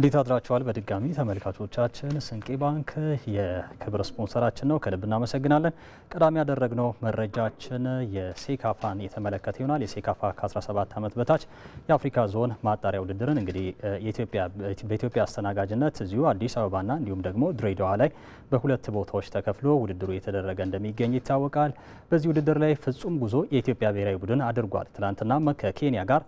እንዴት አድራችኋል? በድጋሚ ተመልካቾቻችን ስንቄ ባንክ የክብር ስፖንሰራችን ነው፣ ከልብ እናመሰግናለን። ቀዳሚ ያደረግነው መረጃችን የሴካፋን የተመለከተ ይሆናል። የሴካፋ ከ17 ዓመት በታች የአፍሪካ ዞን ማጣሪያ ውድድርን እንግዲህ በኢትዮጵያ አስተናጋጅነት እዚሁ አዲስ አበባና እንዲሁም ደግሞ ድሬዳዋ ላይ በሁለት ቦታዎች ተከፍሎ ውድድሩ የተደረገ እንደሚገኝ ይታወቃል። በዚህ ውድድር ላይ ፍጹም ጉዞ የኢትዮጵያ ብሔራዊ ቡድን አድርጓል። ትናንትና ከኬንያ ጋር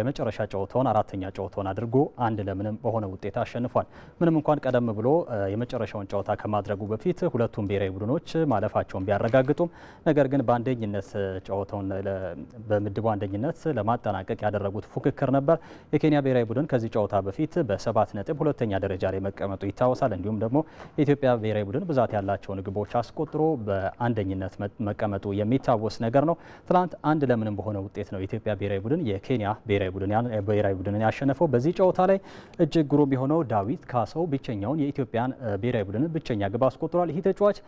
የመጨረሻ ጨዋታውን አራተኛ ጨዋታውን አድርጎ አንድ ለምንም በሆነ ውጤት አሸንፏል። ምንም እንኳን ቀደም ብሎ የመጨረሻውን ጨዋታ ከማድረጉ በፊት ሁለቱም ብሔራዊ ቡድኖች ማለፋቸውን ቢያረጋግጡም ነገር ግን በአንደኝነት ጨዋታውን በምድቡ አንደኝነት ለማጠናቀቅ ያደረጉት ፉክክር ነበር። የኬንያ ብሔራዊ ቡድን ከዚህ ጨዋታ በፊት በሰባት ነጥብ ሁለተኛ ደረጃ ላይ መቀመጡ ይታወሳል። እንዲሁም ደግሞ የኢትዮጵያ ብሔራዊ ቡድን ብዛት ያላቸውን ግቦች አስቆጥሮ በአንደኝነት መቀመጡ የሚታወስ ነገር ነው። ትናንት አንድ ለምንም በሆነ ውጤት ነው የኢትዮጵያ ብሔራዊ ቡድን የኬንያ ብሔራዊ ቡድንን ያሸነፈው። በዚህ ጨዋታ ላይ እጅግ ግሩም የሆነው ዳዊት ካሳው ብቸኛውን የኢትዮጵያን ብሔራዊ ቡድንን ብቸኛ ግብ አስቆጥሯል። ይህ ተጫዋች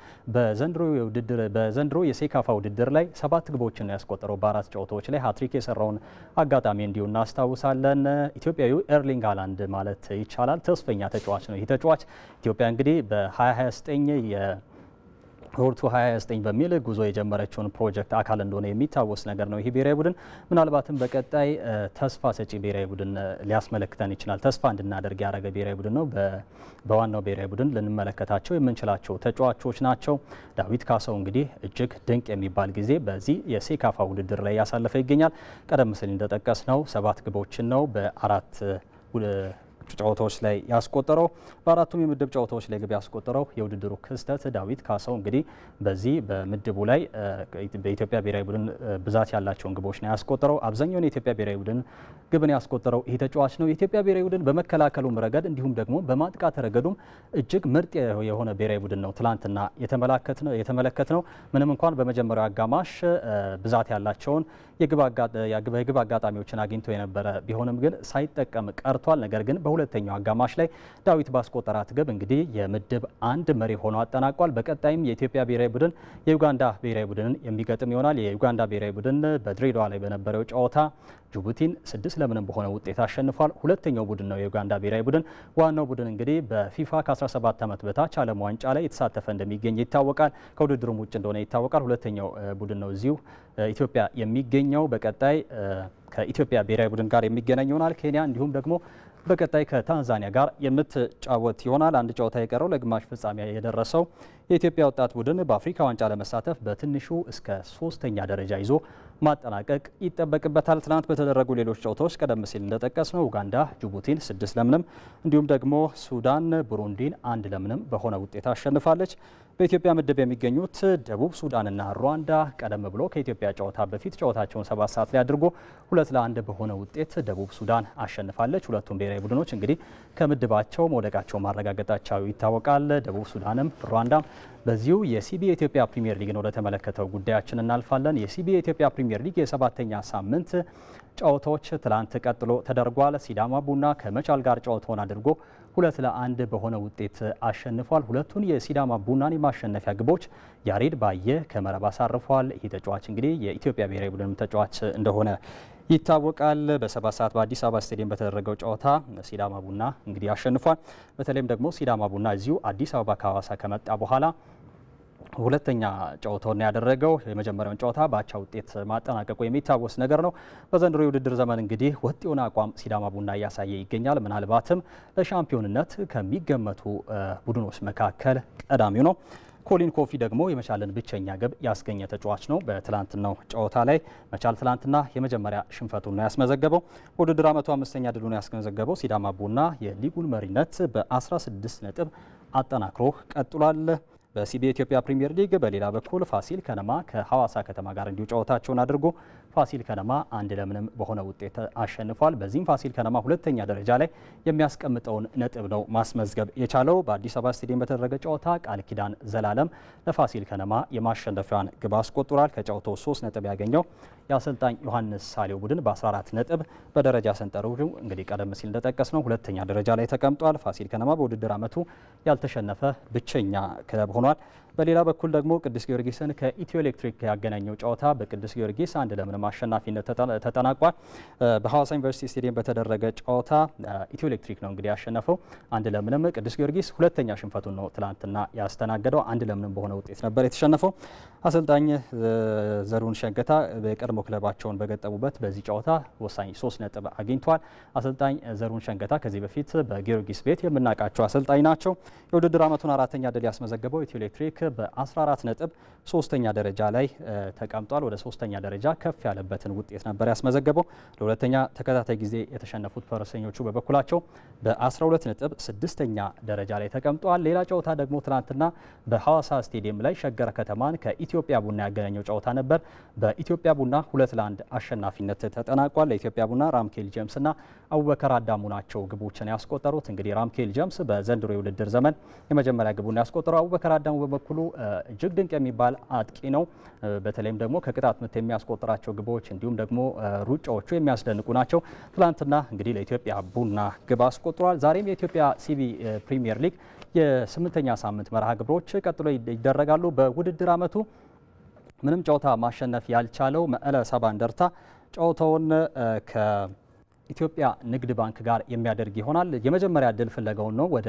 በዘንድሮ የሴካፋ ውድድር ላይ ሰባት ግቦችን ያስቆጠረው በአራት ጨዋታዎች ላይ ሀትሪክ የሰራውን አጋጣሚ እንዲሁ እናስታውሳለን። ኢትዮጵያዊ ኤርሊንግ ሃላንድ ማለት ይቻላል ተስፈኛ ተጫዋች ነው። ይህ ተጫዋች ኢትዮጵያ እንግዲህ በ2029 ሆርቱ 29 በሚል ጉዞ የጀመረችውን ፕሮጀክት አካል እንደሆነ የሚታወስ ነገር ነው። ይህ ብሔራዊ ቡድን ምናልባትም በቀጣይ ተስፋ ሰጪ ብሔራዊ ቡድን ሊያስመለክተን ይችላል። ተስፋ እንድናደርግ ያደረገ ብሔራዊ ቡድን ነው። በዋናው ብሔራዊ ቡድን ልንመለከታቸው የምንችላቸው ተጫዋቾች ናቸው። ዳዊት ካሳው እንግዲህ እጅግ ድንቅ የሚባል ጊዜ በዚህ የሴካፋ ውድድር ላይ ያሳለፈ ይገኛል። ቀደም ሲል እንደጠቀስ ነው ሰባት ግቦችን ነው በአራት ጨዋታዎች ላይ ያስቆጠረው በአራቱም የምድብ ጨዋታዎች ላይ ግብ ያስቆጠረው የውድድሩ ክስተት ዳዊት ካሳው እንግዲህ በዚህ በምድቡ ላይ በኢትዮጵያ ብሔራዊ ቡድን ብዛት ያላቸውን ግቦች ነው ያስቆጠረው። አብዛኛውን የኢትዮጵያ ብሔራዊ ቡድን ግብን ያስቆጠረው ይህ ተጫዋች ነው። የኢትዮጵያ ብሔራዊ ቡድን በመከላከሉም ረገድ እንዲሁም ደግሞ በማጥቃት ረገዱም እጅግ ምርጥ የሆነ ብሔራዊ ቡድን ነው ትላንትና የተመለከት ነው። ምንም እንኳን በመጀመሪያው አጋማሽ ብዛት ያላቸውን የግብ አጋጣሚዎችን አግኝቶ የነበረ ቢሆንም ግን ሳይጠቀም ቀርቷል። ነገር ግን በሁለተኛው አጋማሽ ላይ ዳዊት ባስቆጠራት ግብ እንግዲህ የምድብ አንድ መሪ ሆኖ አጠናቋል። በቀጣይም የኢትዮጵያ ብሔራዊ ቡድን የዩጋንዳ ብሔራዊ ቡድንን የሚገጥም ይሆናል። የዩጋንዳ ብሔራዊ ቡድን በድሬዳዋ ላይ በነበረው ጨዋታ ጅቡቲን ስድስት ለምንም በሆነ ውጤት አሸንፏል። ሁለተኛው ቡድን ነው የዩጋንዳ ብሔራዊ ቡድን። ዋናው ቡድን እንግዲህ በፊፋ ከ17 ዓመት በታች ዓለም ዋንጫ ላይ የተሳተፈ እንደሚገኝ ይታወቃል። ከውድድሩም ውጭ እንደሆነ ይታወቃል። ሁለተኛው ቡድን ነው እዚሁ ኢትዮጵያ የሚገኘው በቀጣይ ከኢትዮጵያ ብሔራዊ ቡድን ጋር የሚገናኝ ይሆናል። ኬንያ እንዲሁም ደግሞ በቀጣይ ከታንዛኒያ ጋር የምትጫወት ይሆናል። አንድ ጨዋታ የቀረው ለግማሽ ፍጻሜ የደረሰው የኢትዮጵያ ወጣት ቡድን በአፍሪካ ዋንጫ ለመሳተፍ በትንሹ እስከ ሶስተኛ ደረጃ ይዞ ማጠናቀቅ ይጠበቅበታል። ትናንት በተደረጉ ሌሎች ጨዋታዎች ቀደም ሲል እንደጠቀስ ነው ኡጋንዳ ጅቡቲን ስድስት ለምንም እንዲሁም ደግሞ ሱዳን ቡሩንዲን አንድ ለምንም በሆነ ውጤት አሸንፋለች። በኢትዮጵያ ምድብ የሚገኙት ደቡብ ሱዳንና ሩዋንዳ ቀደም ብሎ ከኢትዮጵያ ጨዋታ በፊት ጨዋታቸውን ሰባት ሰዓት ላይ አድርጎ ሁለት ለአንድ በሆነ ውጤት ደቡብ ሱዳን አሸንፋለች። ሁለቱም ብሔራዊ ቡድኖች እንግዲህ ከምድባቸው መውደቃቸው ማረጋገጣቸው ይታወቃል። ደቡብ ሱዳንም ሩዋንዳም በዚሁ የሲቢ ኢትዮጵያ ፕሪምየር ሊግን ወደ ተመለከተው ጉዳያችን እናልፋለን። የሲቢ ኢትዮጵያ ፕሪምየር ሊግ የሰባተኛ ሳምንት ጨዋታዎች ትላንት ቀጥሎ ተደርጓል። ሲዳማ ቡና ከመቻል ጋር ጨዋታውን አድርጎ ሁለት ለአንድ በሆነ ውጤት አሸንፏል። ሁለቱን የሲዳማ ቡናን የማሸነፊያ ግቦች ያሬድ ባየ ከመረብ አሳርፏል። ይህ ተጫዋች እንግዲህ የኢትዮጵያ ብሔራዊ ቡድን ተጫዋች እንደሆነ ይታወቃል። በሰባት ሰዓት በአዲስ አበባ ስቴዲየም በተደረገው ጨዋታ ሲዳማ ቡና እንግዲህ አሸንፏል። በተለይም ደግሞ ሲዳማ ቡና እዚሁ አዲስ አበባ ከሀዋሳ ከመጣ በኋላ ሁለተኛ ጨዋታውን ያደረገው የመጀመሪያውን ጨዋታ በአቻ ውጤት ማጠናቀቁ የሚታወስ ነገር ነው። በዘንድሮ የውድድር ዘመን እንግዲህ ወጥ የሆነ አቋም ሲዳማ ቡና እያሳየ ይገኛል። ምናልባትም ለሻምፒዮንነት ከሚገመቱ ቡድኖች መካከል ቀዳሚው ነው። ኮሊን ኮፊ ደግሞ የመቻልን ብቸኛ ግብ ያስገኘ ተጫዋች ነው። በትላንትናው ጨዋታ ላይ መቻል ትላንትና የመጀመሪያ ሽንፈቱን ነው ያስመዘገበው። ውድድር ዓመቱ አምስተኛ ድሉን ያስመዘገበው ሲዳማ ቡና የሊጉን መሪነት በ16 ነጥብ አጠናክሮ ቀጥሏል። በሲቢ ኢትዮጵያ ፕሪምየር ሊግ በሌላ በኩል ፋሲል ከነማ ከሐዋሳ ከተማ ጋር እንዲሁ ጨዋታቸውን አድርጎ ፋሲል ከነማ አንድ ለምንም በሆነ ውጤት አሸንፏል። በዚህም ፋሲል ከነማ ሁለተኛ ደረጃ ላይ የሚያስቀምጠውን ነጥብ ነው ማስመዝገብ የቻለው። በአዲስ አበባ ስቴዲየም በተደረገ ጨዋታ ቃል ኪዳን ዘላለም ለፋሲል ከነማ የማሸነፊያን ግብ አስቆጥሯል። ከጨዋታው ሶስት ነጥብ ያገኘው የአሰልጣኝ ዮሐንስ ሳሌው ቡድን በ14 ነጥብ በደረጃ ሰንጠረዡ እንግዲህ ቀደም ሲል እንደጠቀስ ነው ሁለተኛ ደረጃ ላይ ተቀምጧል። ፋሲል ከነማ በውድድር ዓመቱ ያልተሸነፈ ብቸኛ ክለብ ሆኗል። በሌላ በኩል ደግሞ ቅዱስ ጊዮርጊስን ከኢትዮ ኤሌክትሪክ ያገናኘው ጨዋታ በቅዱስ ጊዮርጊስ አንድ ለምንም አሸናፊነት ተጠናቋል። በሐዋሳ ዩኒቨርሲቲ ስቴዲየም በተደረገ ጨዋታ ኢትዮ ኤሌክትሪክ ነው እንግዲህ ያሸነፈው አንድ ለምንም። ቅዱስ ጊዮርጊስ ሁለተኛ ሽንፈቱን ነው ትላንትና ያስተናገደው አንድ ለምንም በሆነ ውጤት ነበር የተሸነፈው። አሰልጣኝ ዘሩን ሸገታ የቀድሞ ክለባቸውን በገጠሙበት በዚህ ጨዋታ ወሳኝ ሶስት ነጥብ አግኝቷል። አሰልጣኝ ዘሩን ሸንገታ ከዚህ በፊት በጊዮርጊስ ቤት የምናውቃቸው አሰልጣኝ ናቸው። የውድድር ዓመቱን አራተኛ ድል ያስመዘገበው ኢትዮ ኤሌክትሪክ በ14 ነጥብ ሶስተኛ ደረጃ ላይ ተቀምጧል። ወደ ሶስተኛ ደረጃ ከፍ ያለበትን ውጤት ነበር ያስመዘገበው። ለሁለተኛ ተከታታይ ጊዜ የተሸነፉት ፈረሰኞቹ በበኩላቸው በ12 ነጥብ ስድስተኛ ደረጃ ላይ ተቀምጠዋል። ሌላ ጨዋታ ደግሞ ትናንትና በሐዋሳ ስቴዲየም ላይ ሸገረ ከተማን ከኢትዮጵያ ቡና ያገናኘው ጨዋታ ነበር። በኢትዮጵያ ቡና ሁለት ለአንድ አሸናፊነት ተጠናቋል። ለኢትዮጵያ ቡና ራምኬል ጄምስና አቡበከር አዳሙ ናቸው ግቦችን ያስቆጠሩት። እንግዲህ ራምኬል ጀምስ በዘንድሮ የውድድር ዘመን የመጀመሪያ ግቡን ያስቆጠረው አቡበከር አዳሙ በበኩሉ በበኩሉ እጅግ ድንቅ የሚባል አጥቂ ነው። በተለይም ደግሞ ከቅጣት ምት የሚያስቆጥራቸው ግቦች እንዲሁም ደግሞ ሩጫዎቹ የሚያስደንቁ ናቸው። ትላንትና እንግዲህ ለኢትዮጵያ ቡና ግብ አስቆጥሯል። ዛሬም የኢትዮጵያ ሲቪ ፕሪሚየር ሊግ የስምንተኛ ሳምንት መርሃ ግብሮች ቀጥሎ ይደረጋሉ። በውድድር ዓመቱ ምንም ጨዋታ ማሸነፍ ያልቻለው መቀለ ሰባ እንደርታ ጨዋታውን ከ ኢትዮጵያ ንግድ ባንክ ጋር የሚያደርግ ይሆናል። የመጀመሪያ ድል ፍለጋውን ነው ወደ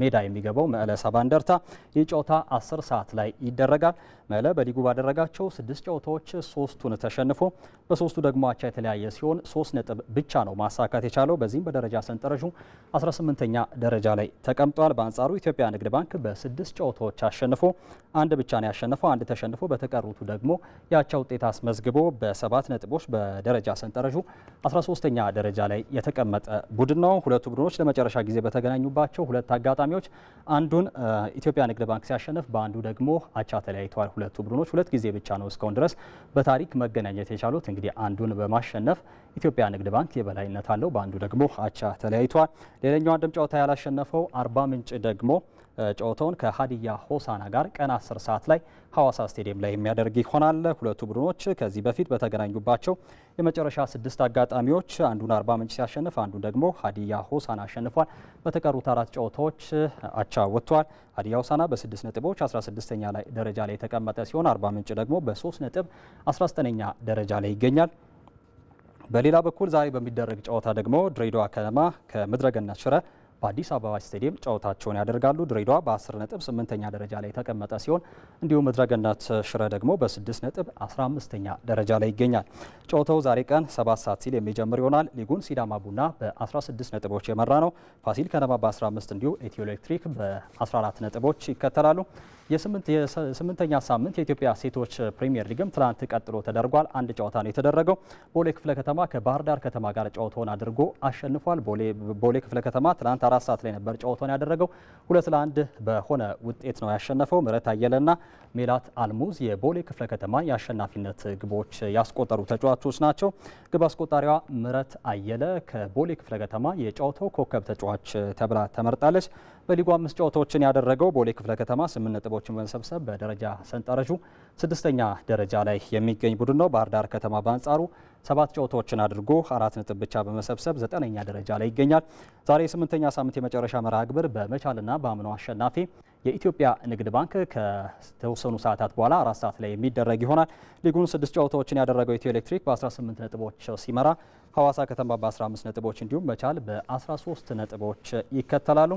ሜዳ የሚገባው መዕለ ሰባ እንደርታ። ይህ ጨዋታ አስር ሰዓት ላይ ይደረጋል። መዕለ በሊጉ ባደረጋቸው ስድስት ጨዋታዎች ሶስቱን ተሸንፎ በሶስቱ ደግሞ አቻ የተለያየ ሲሆን ሶስት ነጥብ ብቻ ነው ማሳካት የቻለው። በዚህም በደረጃ ሰንጠረዡ 18ኛ ደረጃ ላይ ተቀምጧል። በአንጻሩ ኢትዮጵያ ንግድ ባንክ በስድስት ጨዋታዎች አሸንፎ አንድ ብቻ ነው ያሸነፈው። አንድ ተሸንፎ በተቀሩቱ ደግሞ ያቻ ውጤት አስመዝግቦ በሰባት ነጥቦች በደረጃ ሰንጠረዡ 13ኛ ደረጃ ደረጃ ላይ የተቀመጠ ቡድን ነው። ሁለቱ ቡድኖች ለመጨረሻ ጊዜ በተገናኙባቸው ሁለት አጋጣሚዎች አንዱን ኢትዮጵያ ንግድ ባንክ ሲያሸንፍ፣ በአንዱ ደግሞ አቻ ተለያይተዋል። ሁለቱ ቡድኖች ሁለት ጊዜ ብቻ ነው እስካሁን ድረስ በታሪክ መገናኘት የቻሉት። እንግዲህ አንዱን በማሸነፍ ኢትዮጵያ ንግድ ባንክ የበላይነት አለው፣ በአንዱ ደግሞ አቻ ተለያይተዋል። ሌላኛው አንድም ጨዋታ ያላሸነፈው አርባ ምንጭ ደግሞ ጨዋታውን ከሀዲያ ሆሳና ጋር ቀን 10 ሰዓት ላይ ሐዋሳ ስቴዲየም ላይ የሚያደርግ ይሆናል። ሁለቱ ቡድኖች ከዚህ በፊት በተገናኙባቸው የመጨረሻ ስድስት አጋጣሚዎች አንዱን አርባ ምንጭ ሲያሸንፍ አንዱን ደግሞ ሀዲያ ሆሳና አሸንፏል። በተቀሩት አራት ጨዋታዎች አቻ ወጥቷል። ሀዲያ ሆሳና በስድስት ነጥቦች 16ኛ ላይ ደረጃ ላይ የተቀመጠ ሲሆን አርባ ምንጭ ደግሞ በሶስት ነጥብ 19ኛ ደረጃ ላይ ይገኛል። በሌላ በኩል ዛሬ በሚደረግ ጨዋታ ደግሞ ድሬዳዋ ከነማ ከምድረገነት ሽረ በአዲስ አበባ ስቴዲየም ጨዋታቸውን ያደርጋሉ። ድሬዳዋ በ10 ነጥብ 8ኛ ደረጃ ላይ የተቀመጠ ሲሆን እንዲሁም ምድረገነት ሽረ ደግሞ በ6 ነጥብ 15ኛ ደረጃ ላይ ይገኛል። ጨዋታው ዛሬ ቀን 7 ሰዓት ሲል የሚጀምር ይሆናል። ሊጉን ሲዳማ ቡና በ16 ነጥቦች የመራ ነው። ፋሲል ከነማ በ15 እንዲሁ ኢትዮ ኤሌክትሪክ በ14 ነጥቦች ይከተላሉ። የስምንተኛ ሳምንት የኢትዮጵያ ሴቶች ፕሪሚየር ሊግም ትናንት ቀጥሎ ተደርጓል። አንድ ጨዋታ ነው የተደረገው። ቦሌ ክፍለ ከተማ ከባህር ዳር ከተማ ጋር ጨዋታውን አድርጎ አሸንፏል። ቦሌ ክፍለ ከተማ ትናንት አራት ሰዓት ላይ ነበር ጨዋታውን ያደረገው። ሁለት ለአንድ በሆነ ውጤት ነው ያሸነፈው። ምረት አየለና ሜላት አልሙዝ የቦሌ ክፍለ ከተማ የአሸናፊነት ግቦች ያስቆጠሩ ተጫዋቾች ናቸው። ግብ አስቆጣሪዋ ምረት አየለ ከቦሌ ክፍለ ከተማ የጨዋታው ኮከብ ተጫዋች ተብላ ተመርጣለች። በሊጉ አምስት ጨዋታዎችን ያደረገው ቦሌ ክፍለ ከተማ ስምንት ነጥቦችን በመሰብሰብ በደረጃ ሰንጠረዡ ስድስተኛ ደረጃ ላይ የሚገኝ ቡድን ነው። ባህር ዳር ከተማ በአንጻሩ ሰባት ጨዋታዎችን አድርጎ አራት ነጥብ ብቻ በመሰብሰብ ዘጠነኛ ደረጃ ላይ ይገኛል። ዛሬ የስምንተኛ ሳምንት የመጨረሻ መርሃ ግብር በመቻልና በአምኖ አሸናፊ የኢትዮጵያ ንግድ ባንክ ከተወሰኑ ሰዓታት በኋላ አራት ሰዓት ላይ የሚደረግ ይሆናል። ሊጉን ስድስት ጨዋታዎችን ያደረገው ኢትዮ ኤሌክትሪክ በ18 ነጥቦች ሲመራ ሐዋሳ ከተማ በ15 ነጥቦች እንዲሁም መቻል በ13 ነጥቦች ይከተላሉ።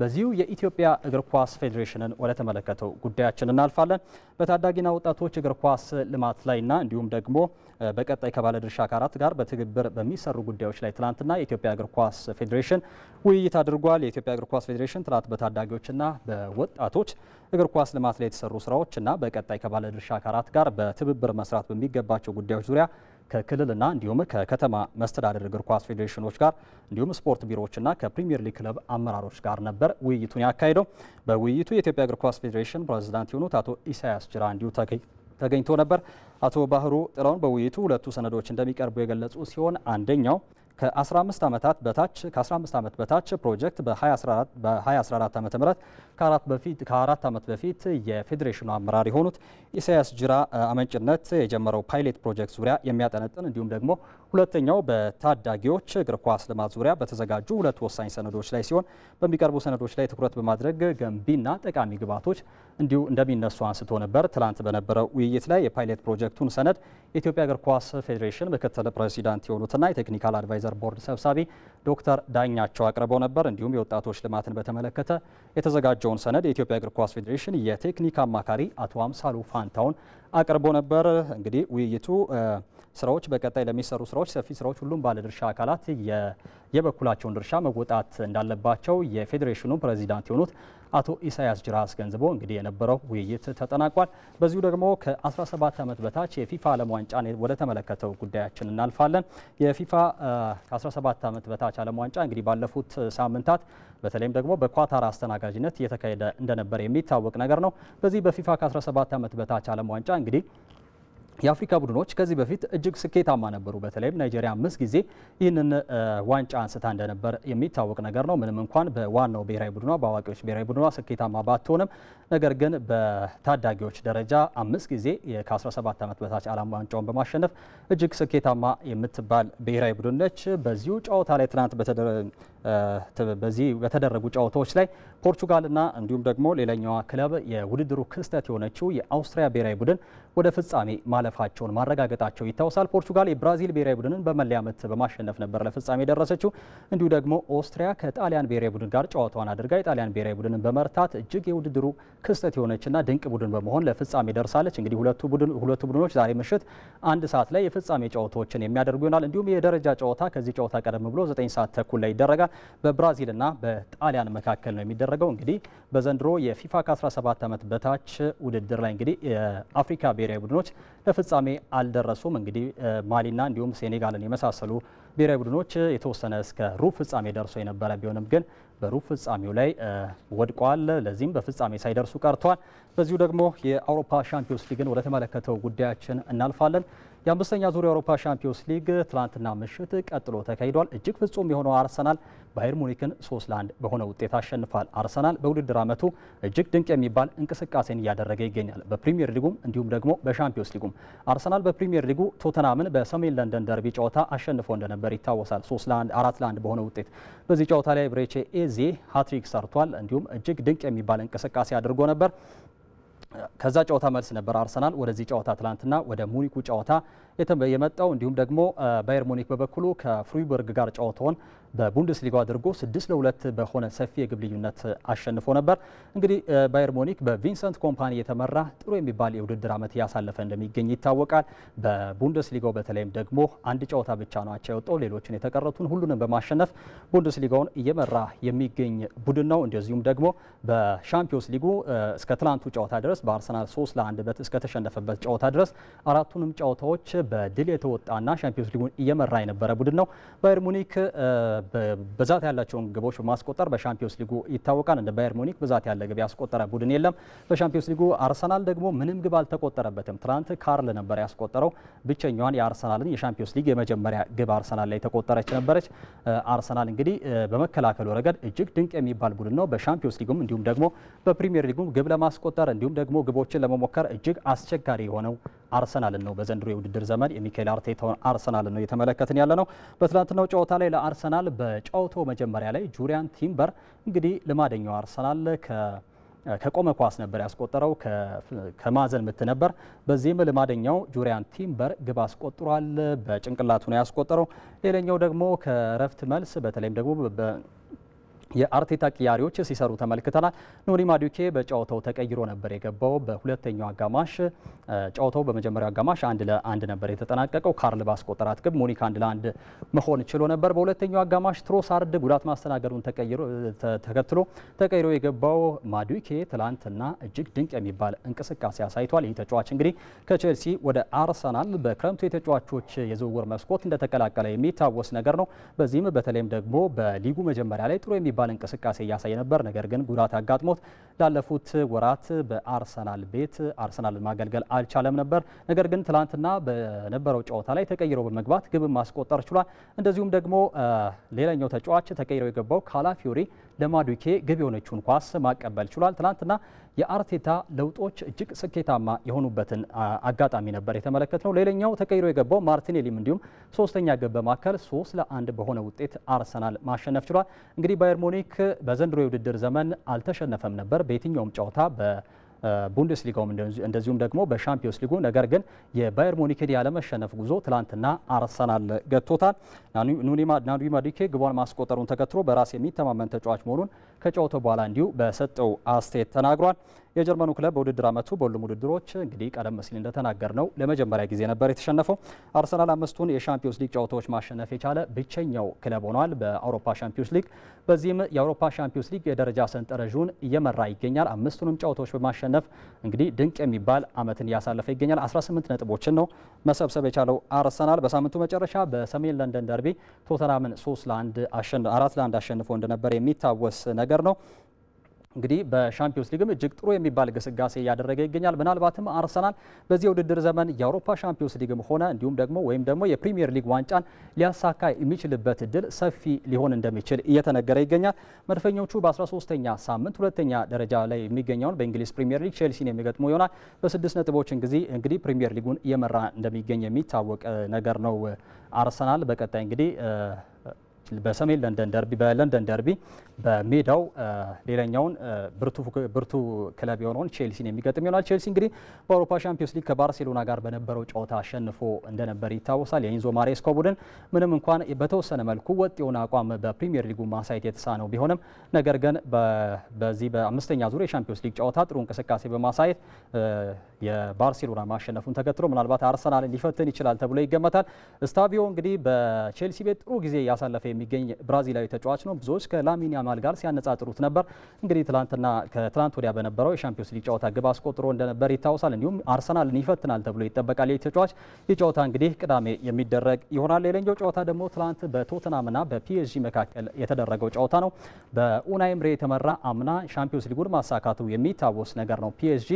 በዚሁ የኢትዮጵያ እግር ኳስ ፌዴሬሽንን ወደ ተመለከተው ጉዳያችን እናልፋለን። በታዳጊና ወጣቶች እግር ኳስ ልማት ላይና እንዲሁም ደግሞ በቀጣይ ከባለድርሻ አካላት ጋር በትብብር በሚሰሩ ጉዳዮች ላይ ትናንትና የኢትዮጵያ እግር ኳስ ፌዴሬሽን ውይይት አድርጓል። የኢትዮጵያ እግር ኳስ ፌዴሬሽን ትናንት በታዳጊዎችና በወጣቶች እግር ኳስ ልማት ላይ የተሰሩ ስራዎችና በቀጣይ ከባለድርሻ አካላት ጋር በትብብር መስራት በሚገባቸው ጉዳዮች ዙሪያ ከክልልና እንዲሁም ከከተማ መስተዳደር እግር ኳስ ፌዴሬሽኖች ጋር እንዲሁም ስፖርት ቢሮዎችና ከፕሪሚየር ሊግ ክለብ አመራሮች ጋር ነበር ውይይቱን ያካሄደው። በውይይቱ የኢትዮጵያ እግር ኳስ ፌዴሬሽን ፕሬዚዳንት የሆኑት አቶ ኢሳያስ ጅራ እንዲሁ ተገኝቶ ነበር። አቶ ባህሩ ጥላውን በውይይቱ ሁለቱ ሰነዶች እንደሚቀርቡ የገለጹ ሲሆን አንደኛው ከ15 ዓመታት በታች ከ15 ዓመት በታች ፕሮጀክት በ2014 ዓ ም ከአራት ዓመት በፊት የፌዴሬሽኑ አመራር የሆኑት ኢሳያስ ጅራ አመንጭነት የጀመረው ፓይሌት ፕሮጀክት ዙሪያ የሚያጠነጥን እንዲሁም ደግሞ ሁለተኛው በታዳጊዎች እግር ኳስ ልማት ዙሪያ በተዘጋጁ ሁለት ወሳኝ ሰነዶች ላይ ሲሆን በሚቀርቡ ሰነዶች ላይ ትኩረት በማድረግ ገንቢና ጠቃሚ ግብዓቶች እንዲሁ እንደሚነሱ አንስቶ ነበር። ትላንት በነበረው ውይይት ላይ የፓይለት ፕሮጀክቱን ሰነድ የኢትዮጵያ እግር ኳስ ፌዴሬሽን ምክትል ፕሬዚዳንት የሆኑትና የቴክኒካል አድቫይዘር ቦርድ ሰብሳቢ ዶክተር ዳኛቸው አቅርበው ነበር። እንዲሁም የወጣቶች ልማትን በተመለከተ የተዘጋጀውን ሰነድ የኢትዮጵያ እግር ኳስ ፌዴሬሽን የቴክኒክ አማካሪ አቶ አምሳሉ ፋንታውን አቅርቦ ነበር። እንግዲህ ውይይቱ ስራዎች በቀጣይ ለሚሰሩ ስራዎች ሰፊ ስራዎች ሁሉም ባለድርሻ አካላት የበኩላቸውን ድርሻ መወጣት እንዳለባቸው የፌዴሬሽኑ ፕሬዚዳንት የሆኑት አቶ ኢሳያስ ጅራ አስገንዝቦ እንግዲህ የነበረው ውይይት ተጠናቋል። በዚሁ ደግሞ ከ17 ዓመት በታች የፊፋ ዓለም ዋንጫ ወደ ተመለከተው ጉዳያችን እናልፋለን። የፊፋ ከ17 ዓመት በታች ዓለም ዋንጫ እንግዲህ ባለፉት ሳምንታት በተለይም ደግሞ በኳታር አስተናጋጅነት እየተካሄደ እንደነበረ የሚታወቅ ነገር ነው። በዚህ በፊፋ ከ17 ዓመት በታች ዓለም ዋንጫ እንግዲህ የአፍሪካ ቡድኖች ከዚህ በፊት እጅግ ስኬታማ ነበሩ። በተለይም ናይጄሪያ አምስት ጊዜ ይህንን ዋንጫ አንስታ እንደነበር የሚታወቅ ነገር ነው። ምንም እንኳን በዋናው ብሔራዊ ቡድኗ በአዋቂዎች ብሔራዊ ቡድኗ ስኬታማ ባትሆንም፣ ነገር ግን በታዳጊዎች ደረጃ አምስት ጊዜ ከ17 ዓመት በታች ዓለም ዋንጫውን በማሸነፍ እጅግ ስኬታማ የምትባል ብሔራዊ ቡድን ነች። በዚሁ ጨዋታ ላይ ትናንት በተደረጉ ጨዋታዎች ላይ ፖርቹጋልና እንዲሁም ደግሞ ሌላኛዋ ክለብ የውድድሩ ክስተት የሆነችው የአውስትሪያ ብሔራዊ ቡድን ወደ ፍጻሜ ማለፋቸውን ማረጋገጣቸው ይታወሳል። ፖርቹጋል የብራዚል ብሔራዊ ቡድንን በመለያ ምት በማሸነፍ ነበር ለፍጻሜ የደረሰችው። እንዲሁ ደግሞ ኦስትሪያ ከጣሊያን ብሔራዊ ቡድን ጋር ጨዋታዋን አድርጋ የጣሊያን ብሔራዊ ቡድንን በመርታት እጅግ የውድድሩ ክስተት የሆነችና ድንቅ ቡድን በመሆን ለፍጻሜ ደርሳለች። እንግዲህ ሁለቱ ቡድኖች ዛሬ ምሽት አንድ ሰዓት ላይ የፍጻሜ ጨዋታዎችን የሚያደርጉ ይሆናል። እንዲሁም የደረጃ ጨዋታ ከዚህ ጨዋታ ቀደም ብሎ ዘጠኝ ሰዓት ተኩል ላይ ይደረጋል። በብራዚልና በጣሊያን መካከል ነው የሚደረ የተደረገው እንግዲህ በዘንድሮ የፊፋ ከ17 ዓመት በታች ውድድር ላይ እንግዲህ የአፍሪካ ብሔራዊ ቡድኖች ለፍጻሜ አልደረሱም። እንግዲህ ማሊና እንዲሁም ሴኔጋልን የመሳሰሉ ብሔራዊ ቡድኖች የተወሰነ እስከ ሩብ ፍጻሜ ደርሶ የነበረ ቢሆንም ግን በሩብ ፍጻሜው ላይ ወድቋል። ለዚህም በፍጻሜ ሳይደርሱ ቀርቷል። በዚሁ ደግሞ የአውሮፓ ሻምፒዮንስ ሊግን ወደ ተመለከተው ጉዳያችን እናልፋለን። የአምስተኛ ዙር የአውሮፓ ሻምፒዮንስ ሊግ ትላንትና ምሽት ቀጥሎ ተካሂዷል። እጅግ ፍጹም የሆነው አርሰናል ባየር ሙኒክን 3 ለ1 በሆነ ውጤት አሸንፏል። አርሰናል በውድድር ዓመቱ እጅግ ድንቅ የሚባል እንቅስቃሴን እያደረገ ይገኛል። በፕሪሚየር ሊጉም እንዲሁም ደግሞ በሻምፒዮንስ ሊጉም አርሰናል በፕሪሚየር ሊጉ ቶተናምን በሰሜን ለንደን ደርቢ ጨዋታ አሸንፎ እንደነበር ይታወሳል። 3 ለ1 4 በሆነ ውጤት በዚህ ጨዋታ ላይ ብሬቼ ኤዜ ሀትሪክ ሰርቷል። እንዲሁም እጅግ ድንቅ የሚባል እንቅስቃሴ አድርጎ ነበር። ከዛ ጨዋታ መልስ ነበር አርሰናል ወደዚህ ጨዋታ ትላንትና ወደ ሙኒኩ ጨዋታ የመጣው። እንዲሁም ደግሞ ባየር ሙኒክ በበኩሉ ከፍሪበርግ ጋር ጨዋታውን በቡንደስሊጋው አድርጎ ስድስት ለሁለት በሆነ ሰፊ የግብ ልዩነት አሸንፎ ነበር። እንግዲህ ባየር ሞኒክ በቪንሰንት ኮምፓኒ የተመራ ጥሩ የሚባል የውድድር ዓመት እያሳለፈ እንደሚገኝ ይታወቃል። በቡንደስሊጋው በተለይም ደግሞ አንድ ጨዋታ ብቻ ነው አቻ የወጣው። ሌሎችን የተቀረቱን ሁሉንም በማሸነፍ ቡንደስሊጋውን እየመራ የሚገኝ ቡድን ነው። እንደዚሁም ደግሞ በሻምፒዮንስ ሊጉ እስከ ትላንቱ ጨዋታ ድረስ በአርሰናል ሶስት ለአንድ በት እስከተሸነፈበት ጨዋታ ድረስ አራቱንም ጨዋታዎች በድል የተወጣና ሻምፒዮንስ ሊጉን እየመራ የነበረ ቡድን ነው ባየር ሙኒክ ብዛት ያላቸውን ግቦች በማስቆጠር በሻምፒዮንስ ሊጉ ይታወቃል። እንደ ባየር ሙኒክ ብዛት ያለ ግብ ያስቆጠረ ቡድን የለም በሻምፒዮንስ ሊጉ። አርሰናል ደግሞ ምንም ግብ አልተቆጠረበትም። ትናንት ካርል ነበር ያስቆጠረው ብቸኛዋን የአርሰናልን የሻምፒዮንስ ሊግ የመጀመሪያ ግብ አርሰናል ላይ ተቆጠረች ነበረች። አርሰናል እንግዲህ በመከላከሉ ረገድ እጅግ ድንቅ የሚባል ቡድን ነው። በሻምፒዮንስ ሊጉም እንዲሁም ደግሞ በፕሪሚየር ሊጉም ግብ ለማስቆጠር እንዲሁም ደግሞ ግቦችን ለመሞከር እጅግ አስቸጋሪ የሆነው አርሰናልን ነው በዘንድሮ የውድድር ዘመን የሚካኤል አርቴታውን አርሰናልን ነው የተመለከትን ያለ ነው። በትላንትናው ጨዋታ ላይ ለአርሰናል በጨዋታው መጀመሪያ ላይ ጁሪያን ቲምበር እንግዲህ ልማደኛው አርሰናል ከቆመ ኳስ ነበር ያስቆጠረው፣ ከማዕዘን ምት ነበር። በዚህም ልማደኛው ጁሪያን ቲምበር ግብ አስቆጥሯል። በጭንቅላቱ ነው ያስቆጠረው። ሌላኛው ደግሞ ከረፍት መልስ በተለይም ደግሞ የአርቴታ ቅያሪዎች ሲሰሩ ተመልክተናል። ኑሪ ማዱኬ በጨዋታው ተቀይሮ ነበር የገባው በሁለተኛው አጋማሽ። ጨዋታው በመጀመሪያው አጋማሽ አንድ ለአንድ ነበር የተጠናቀቀው። ካርል ባስቆጠራት ግብ ሙኒክ አንድ ለአንድ መሆን ችሎ ነበር። በሁለተኛው አጋማሽ ትሮሳርድ ጉዳት ማስተናገዱን ተከትሎ ተቀይሮ የገባው ማዱኬ ትላንትና እጅግ ድንቅ የሚባል እንቅስቃሴ አሳይቷል። ይህ ተጫዋች እንግዲህ ከቼልሲ ወደ አርሰናል በክረምቱ የተጫዋቾች የዝውውር መስኮት እንደተቀላቀለ የሚታወስ ነገር ነው። በዚህም በተለይም ደግሞ በሊጉ መጀመሪያ ላይ ጥሩ የሚባል የሚባል እንቅስቃሴ እያሳየ ነበር። ነገር ግን ጉዳት አጋጥሞት ላለፉት ወራት በአርሰናል ቤት አርሰናልን ማገልገል አልቻለም ነበር። ነገር ግን ትላንትና በነበረው ጨዋታ ላይ ተቀይሮ በመግባት ግብ ማስቆጠር ችሏል። እንደዚሁም ደግሞ ሌላኛው ተጫዋች ተቀይሮ የገባው ካላፊዮሪ ለማዱኬ ግብ የሆነችውን ኳስ ማቀበል ችሏል። ትላንትና የአርቴታ ለውጦች እጅግ ስኬታማ የሆኑበትን አጋጣሚ ነበር የተመለከት ነው። ሌላኛው ተቀይሮ የገባው ማርቲኔሊም እንዲሁም ሶስተኛ ግብ በማከል ሶስት ለአንድ በሆነ ውጤት አርሰናል ማሸነፍ ችሏል። እንግዲህ ባየር ሙኒክ በዘንድሮ የውድድር ዘመን አልተሸነፈም ነበር። በየትኛውም ጨዋታ በቡንደስሊጋውም እንደዚሁም ደግሞ በሻምፒዮንስ ሊጉ ነገር ግን የባየር ሙኒክን ያለመሸነፍ ጉዞ ትላንትና አርሰናል ገጥቶታል። ናኒ ማዱኬ ግቧን ማስቆጠሩን ተከትሎ በራስ የሚተማመን ተጫዋች መሆኑን ከጨዋታው በኋላ እንዲሁ በሰጠው አስተያየት ተናግሯል። የጀርመኑ ክለብ በውድድር ዓመቱ በሁሉም ውድድሮች እንግዲህ ቀደም ሲል እንደተናገር ነው ለመጀመሪያ ጊዜ ነበር የተሸነፈው። አርሰናል አምስቱን የሻምፒዮንስ ሊግ ጨዋታዎች ማሸነፍ የቻለ ብቸኛው ክለብ ሆኗል በአውሮፓ ሻምፒዮንስ ሊግ። በዚህም የአውሮፓ ሻምፒዮንስ ሊግ የደረጃ ሰንጠረዥን እየመራ ይገኛል። አምስቱንም ጨዋታዎች በማሸነፍ እንግዲህ ድንቅ የሚባል ዓመትን እያሳለፈ ይገኛል። 18 ነጥቦችን ነው መሰብሰብ የቻለው አርሰናል። በሳምንቱ መጨረሻ በሰሜን ለንደን ደርቢ ቶተናምን 3 ለ1 አራት ለአንድ አሸንፎ እንደነበር የሚታወስ ነገር ነገር ነው። እንግዲህ በሻምፒዮንስ ሊግም እጅግ ጥሩ የሚባል ግስጋሴ እያደረገ ይገኛል። ምናልባትም አርሰናል በዚህ የውድድር ዘመን የአውሮፓ ሻምፒዮንስ ሊግም ሆነ እንዲሁም ደግሞ ወይም ደግሞ የፕሪሚየር ሊግ ዋንጫን ሊያሳካ የሚችልበት እድል ሰፊ ሊሆን እንደሚችል እየተነገረ ይገኛል። መድፈኞቹ በ13ኛ ሳምንት ሁለተኛ ደረጃ ላይ የሚገኘውን በእንግሊዝ ፕሪሚየር ሊግ ቼልሲን የሚገጥሙ ይሆናል። በስድስት ነጥቦች ጊዜ እንግዲህ ፕሪሚየር ሊጉን እየመራ እንደሚገኝ የሚታወቅ ነገር ነው። አርሰናል በቀጣይ እንግዲህ በሰሜን ለንደን ደርቢ በለንደን ደርቢ በሜዳው ሌላኛውን ብርቱ ክለብ የሆነውን ቼልሲን የሚገጥም ይሆናል። ቼልሲ እንግዲህ በአውሮፓ ሻምፒዮንስ ሊግ ከባርሴሎና ጋር በነበረው ጨዋታ አሸንፎ እንደነበር ይታወሳል። የኢንዞ ማሬስኮ ቡድን ምንም እንኳን በተወሰነ መልኩ ወጥ የሆነ አቋም በፕሪሚየር ሊጉ ማሳየት የተሳነው ቢሆንም ነገር ግን በዚህ በአምስተኛ ዙር የሻምፒዮንስ ሊግ ጨዋታ ጥሩ እንቅስቃሴ በማሳየት የባርሴሎና ማሸነፉን ተከትሎ ምናልባት አርሰናል ሊፈትን ይችላል ተብሎ ይገመታል። ስታቪዮ እንግዲህ በቼልሲ ቤት ጥሩ ጊዜ እያሳለፈ የሚገኝ ብራዚላዊ ተጫዋች ነው። ብዙዎች ከላሚኒያ አርሰናል ጋር ሲያነጻጽሩት ነበር። እንግዲህ ትላንትና ከትላንት ወዲያ በነበረው የሻምፒዮንስ ሊግ ጨዋታ ግብ አስቆጥሮ እንደነበር ይታወሳል። እንዲሁም አርሰናልን ይፈትናል ተብሎ ይጠበቃል ተጫዋች። ይህ ጨዋታ እንግዲህ ቅዳሜ የሚደረግ ይሆናል። ሌላኛው ጨዋታ ደግሞ ትላንት በቶተናምና በፒኤስጂ መካከል የተደረገው ጨዋታ ነው። በኡናይ የተመራ አምና ሻምፒዮንስ ሊጉን ማሳካቱ የሚታወስ ነገር ነው። ፒኤስጂ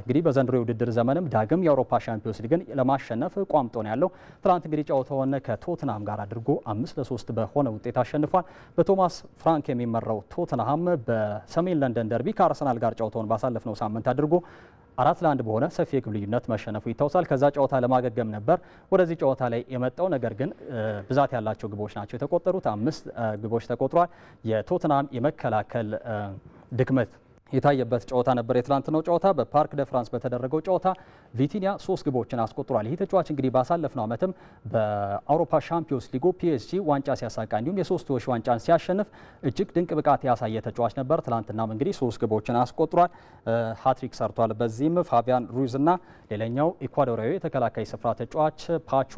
እንግዲህ በዘንድሮ የውድድር ዘመንም ዳግም የአውሮፓ ሻምፒዮንስ ሊግን ለማሸነፍ ቋምጦ ነው ያለው። ትላንት እንግዲህ ጨዋታውን ከቶትናም ጋር አድርጎ አምስት ለሶስት በሆነ ውጤት አሸንፏል። በቶማስ ፍራንክ የሚመራው ቶትንሃም በሰሜን ለንደን ደርቢ ከአርሰናል ጋር ጨዋታውን ባሳለፍነው ሳምንት አድርጎ አራት ለአንድ በሆነ ሰፊ የግብ ልዩነት መሸነፉ ይታውሳል። ከዛ ጨዋታ ለማገገም ነበር ወደዚህ ጨዋታ ላይ የመጣው። ነገር ግን ብዛት ያላቸው ግቦች ናቸው የተቆጠሩት። አምስት ግቦች ተቆጥሯል። የቶትንሃም የመከላከል ድክመት የታየበት ጨዋታ ነበር። የትላንትናው ጨዋታ በፓርክ ደ ፍራንስ በተደረገው ጨዋታ ቪቲኒያ ሶስት ግቦችን አስቆጥሯል። ይህ ተጫዋች እንግዲህ ባሳለፍነው ዓመትም በአውሮፓ ሻምፒዮንስ ሊጉ ፒኤስጂ ዋንጫ ሲያሳካ እንዲሁም የሶስትዮሽ ዋንጫን ሲያሸንፍ እጅግ ድንቅ ብቃት ያሳየ ተጫዋች ነበር። ትላንትናም እንግዲህ ሶስት ግቦችን አስቆጥሯል፣ ሀትሪክ ሰርቷል። በዚህም ፋቢያን ሩዝ እና ሌላኛው ኢኳዶሪያዊ የተከላካይ ስፍራ ተጫዋች ፓቾ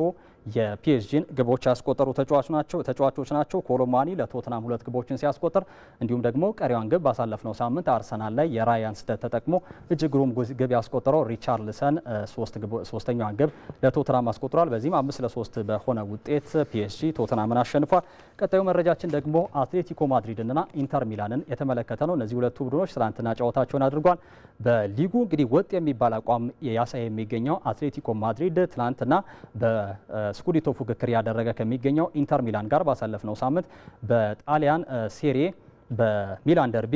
የፒኤስጂን ግቦች ያስቆጠሩ ተጫዋች ናቸው ተጫዋቾች ናቸው። ኮሎማኒ ለቶትናም ሁለት ግቦችን ሲያስቆጥር እንዲሁም ደግሞ ቀሪዋን ግብ ባሳለፍነው ሳምንት አርሰናል ላይ የራያን ስህተት ተጠቅሞ እጅግ ግሩም ግብ ያስቆጠረው ሪቻርልሰን ሶስተኛዋን ግብ ለቶትናም አስቆጥሯል። በዚህም አምስት ለሶስት በሆነ ውጤት ፒኤስጂ ቶትናምን አሸንፏል። ቀጣዩ መረጃችን ደግሞ አትሌቲኮ ማድሪድንና ኢንተር ሚላንን የተመለከተ ነው። እነዚህ ሁለቱ ቡድኖች ትናንትና ጨዋታቸውን አድርጓል። በሊጉ እንግዲህ ወጥ የሚባል አቋም ያሳየ የሚገኘው አትሌቲኮ ማድሪድ ትናንትና ለስኩዲቶ ፉክክር ያደረገ ከሚገኘው ኢንተር ሚላን ጋር ባሳለፍነው ሳምንት በጣሊያን ሴሬ በሚላን ደርቢ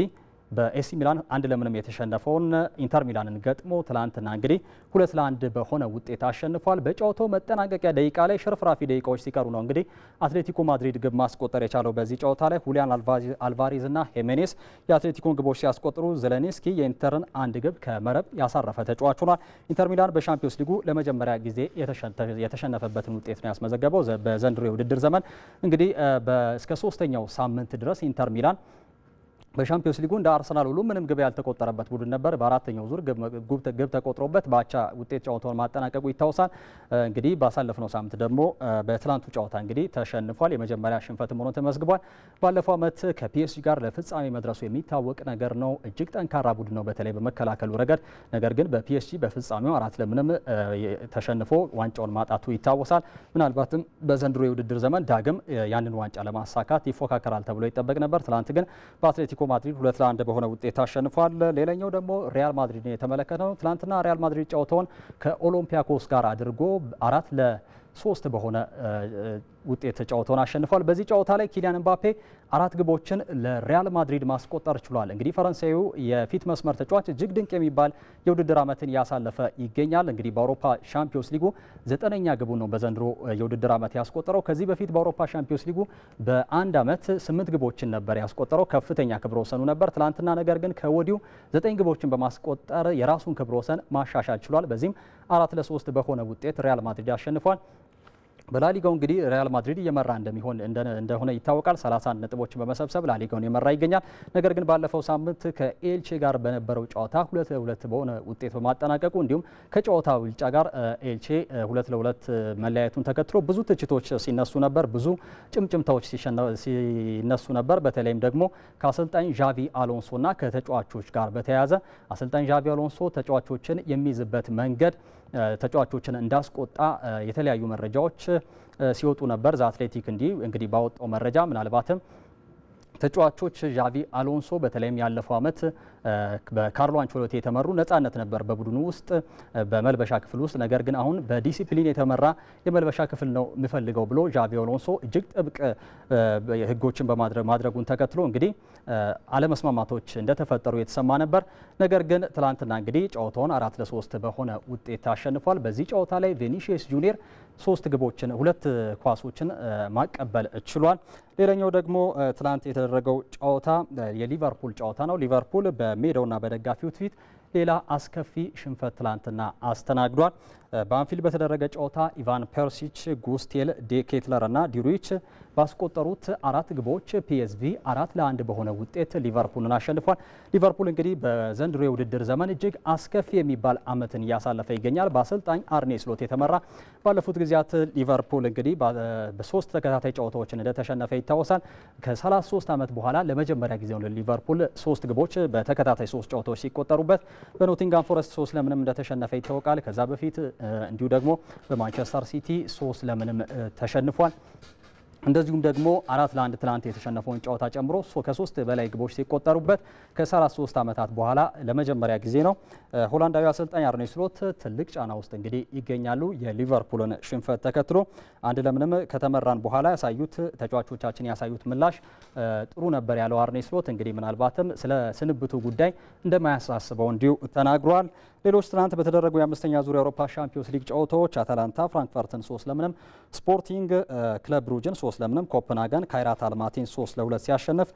በኤሲ ሚላን አንድ ለምንም የተሸነፈውን ኢንተር ሚላንን ገጥሞ ትላንትና እንግዲህ ሁለት ለአንድ በሆነ ውጤት አሸንፏል። በጨዋታው መጠናቀቂያ ደቂቃ ላይ ሽርፍራፊ ደቂቃዎች ሲቀሩ ነው እንግዲህ አትሌቲኮ ማድሪድ ግብ ማስቆጠር የቻለው። በዚህ ጨዋታ ላይ ሁሊያን አልቫሬዝ እና ሄሜኔስ የአትሌቲኮን ግቦች ሲያስቆጥሩ ዘለኔስኪ የኢንተርን አንድ ግብ ከመረብ ያሳረፈ ተጫዋች ሆኗል። ኢንተር ሚላን በሻምፒዮንስ ሊጉ ለመጀመሪያ ጊዜ የተሸነፈበትን ውጤት ነው ያስመዘገበው። በዘንድሮ የውድድር ዘመን እንግዲህ እስከ ሶስተኛው ሳምንት ድረስ ኢንተር ሚላን በሻምፒዮንስ ሊጉ እንደ አርሰናል ሁሉ ምንም ግብ ያልተቆጠረበት ቡድን ነበር። በአራተኛው ዙር ግብ ተቆጥሮበት በአቻ ውጤት ጨዋታውን ማጠናቀቁ ይታወሳል። እንግዲህ ባሳለፍነው ሳምንት ደግሞ በትላንቱ ጨዋታ እንግዲህ ተሸንፏል። የመጀመሪያ ሽንፈትም ሆኖ ተመዝግቧል። ባለፈው ዓመት ከፒኤስጂ ጋር ለፍጻሜ መድረሱ የሚታወቅ ነገር ነው። እጅግ ጠንካራ ቡድን ነው፣ በተለይ በመከላከሉ ረገድ። ነገር ግን በፒኤስጂ በፍጻሜው አራት ለምንም ተሸንፎ ዋንጫውን ማጣቱ ይታወሳል። ምናልባትም በዘንድሮ የውድድር ዘመን ዳግም ያንን ዋንጫ ለማሳካት ይፎካከራል ተብሎ ይጠበቅ ነበር። ትላንት ግን በአትሌቲኮ ማድሪድ ሁለት ለአንድ በሆነ ውጤት አሸንፏል። ሌላኛው ደግሞ ሪያል ማድሪድን የተመለከተ ነው። ትናንትና ሪያል ማድሪድ ጨዋታውን ከኦሎምፒያኮስ ጋር አድርጎ አራት ለሶስት በሆነ ውጤት ጨዋታውን አሸንፏል። በዚህ ጨዋታ ላይ ኪሊያን ምባፔ አራት ግቦችን ለሪያል ማድሪድ ማስቆጠር ችሏል። እንግዲህ ፈረንሳዩ የፊት መስመር ተጫዋች እጅግ ድንቅ የሚባል የውድድር ዓመትን ያሳለፈ ይገኛል። እንግዲህ በአውሮፓ ሻምፒዮንስ ሊጉ ዘጠነኛ ግቡን ነው በዘንድሮ የውድድር ዓመት ያስቆጠረው። ከዚህ በፊት በአውሮፓ ሻምፒዮንስ ሊጉ በአንድ ዓመት ስምንት ግቦችን ነበር ያስቆጠረው። ከፍተኛ ክብረ ወሰኑ ነበር ትላንትና። ነገር ግን ከወዲሁ ዘጠኝ ግቦችን በማስቆጠር የራሱን ክብረ ወሰን ማሻሻል ችሏል። በዚህም አራት ለሶስት በሆነ ውጤት ሪያል ማድሪድ አሸንፏል። በላሊጋው እንግዲህ ሪያል ማድሪድ እየመራ እንደሚሆን እንደሆነ ይታወቃል። 30 ነጥቦችን በመሰብሰብ ላሊጋውን የመራ ይገኛል። ነገር ግን ባለፈው ሳምንት ከኤልቼ ጋር በነበረው ጨዋታ ሁለት ለሁለት በሆነ ውጤት በማጠናቀቁ እንዲሁም ከጨዋታ ውልጫ ጋር ኤልቼ ሁለት ለሁለት መለያየቱን ተከትሎ ብዙ ትችቶች ሲነሱ ነበር፣ ብዙ ጭምጭምታዎች ሲነሱ ነበር። በተለይም ደግሞ ከአሰልጣኝ ዣቪ አሎንሶና ከተጫዋቾች ጋር በተያያዘ አሰልጣኝ ዣቪ አሎንሶ ተጫዋቾችን የሚይዝበት መንገድ ተጫዋቾችን እንዳስቆጣ የተለያዩ መረጃዎች ሲወጡ ነበር። ዘ አትሌቲክ እንዲህ እንግዲህ ባወጣው መረጃ ምናልባትም ተጫዋቾች ዣቪ አሎንሶ በተለይም ያለፈው ዓመት በካርሎ አንቸሎቲ የተመሩ ነጻነት ነበር በቡድኑ ውስጥ በመልበሻ ክፍል ውስጥ። ነገር ግን አሁን በዲሲፕሊን የተመራ የመልበሻ ክፍል ነው የምፈልገው ብሎ ዣቪ አሎንሶ እጅግ ጥብቅ ህጎችን ማድረጉን ተከትሎ እንግዲህ አለመስማማቶች እንደተፈጠሩ የተሰማ ነበር። ነገር ግን ትላንትና እንግዲህ ጨዋታውን አራት ለሶስት በሆነ ውጤት አሸንፏል። በዚህ ጨዋታ ላይ ቬኒሽስ ጁኒየር ሶስት ግቦችን ሁለት ኳሶችን ማቀበል ችሏል። ሌላኛው ደግሞ ትናንት የተደረገው ጨዋታ የሊቨርፑል ጨዋታ ነው። ሊቨርፑል በሜዳውና በደጋፊው ፊት ሌላ አስከፊ ሽንፈት ትላንትና አስተናግዷል። በአንፊል በተደረገ ጨዋታ ኢቫን ፐርሲች፣ ጉስቴል፣ ዴኬትለር እና ዲሩዊች ባስቆጠሩት አራት ግቦች ፒኤስቪ አራት ለአንድ በሆነ ውጤት ሊቨርፑልን አሸንፏል። ሊቨርፑል እንግዲህ በዘንድሮ የውድድር ዘመን እጅግ አስከፊ የሚባል ዓመትን እያሳለፈ ይገኛል። በአሰልጣኝ አርኔ ስሎት የተመራ ባለፉት ጊዜያት ሊቨርፑል እንግዲህ በሶስት ተከታታይ ጨዋታዎችን እንደተሸነፈ ይታወሳል። ከ33 ዓመት በኋላ ለመጀመሪያ ጊዜ ሊቨርፑል ሶስት ግቦች በተከታታይ ሶስት ጨዋታዎች ሲቆጠሩበት በኖቲንጋም ፎረስት ሶስት ለምንም እንደተሸነፈ ይታወቃል። ከዛ በፊት እንዲሁ ደግሞ በማንቸስተር ሲቲ ሶስት ለምንም ተሸንፏል። እንደዚሁም ደግሞ አራት ለአንድ ትላንት የተሸነፈውን ጨዋታ ጨምሮ ከሶስት በላይ ግቦች ሲቆጠሩበት ከሰላሳ ሶስት ዓመታት በኋላ ለመጀመሪያ ጊዜ ነው። ሆላንዳዊ አሰልጣኝ አርኔ ስሎት ትልቅ ጫና ውስጥ እንግዲህ ይገኛሉ። የሊቨርፑልን ሽንፈት ተከትሎ አንድ ለምንም ከተመራን በኋላ ያሳዩት ተጫዋቾቻችን ያሳዩት ምላሽ ጥሩ ነበር ያለው አርኔ ስሎት እንግዲህ ምናልባትም ስለ ስንብቱ ጉዳይ እንደማያሳስበው እንዲሁ ተናግሯል። ሌሎች ትናንት በተደረጉ የአምስተኛ ዙር የአውሮፓ ሻምፒዮንስ ሊግ ጨዋታዎች አታላንታ ፍራንክፈርትን ሶስት ለምንም፣ ስፖርቲንግ ክለብ ብሩጅን ሶስት ለምንም፣ ኮፐንሃገን ካይራት አልማቲን ሶስት ለሁለት ሲያሸንፍ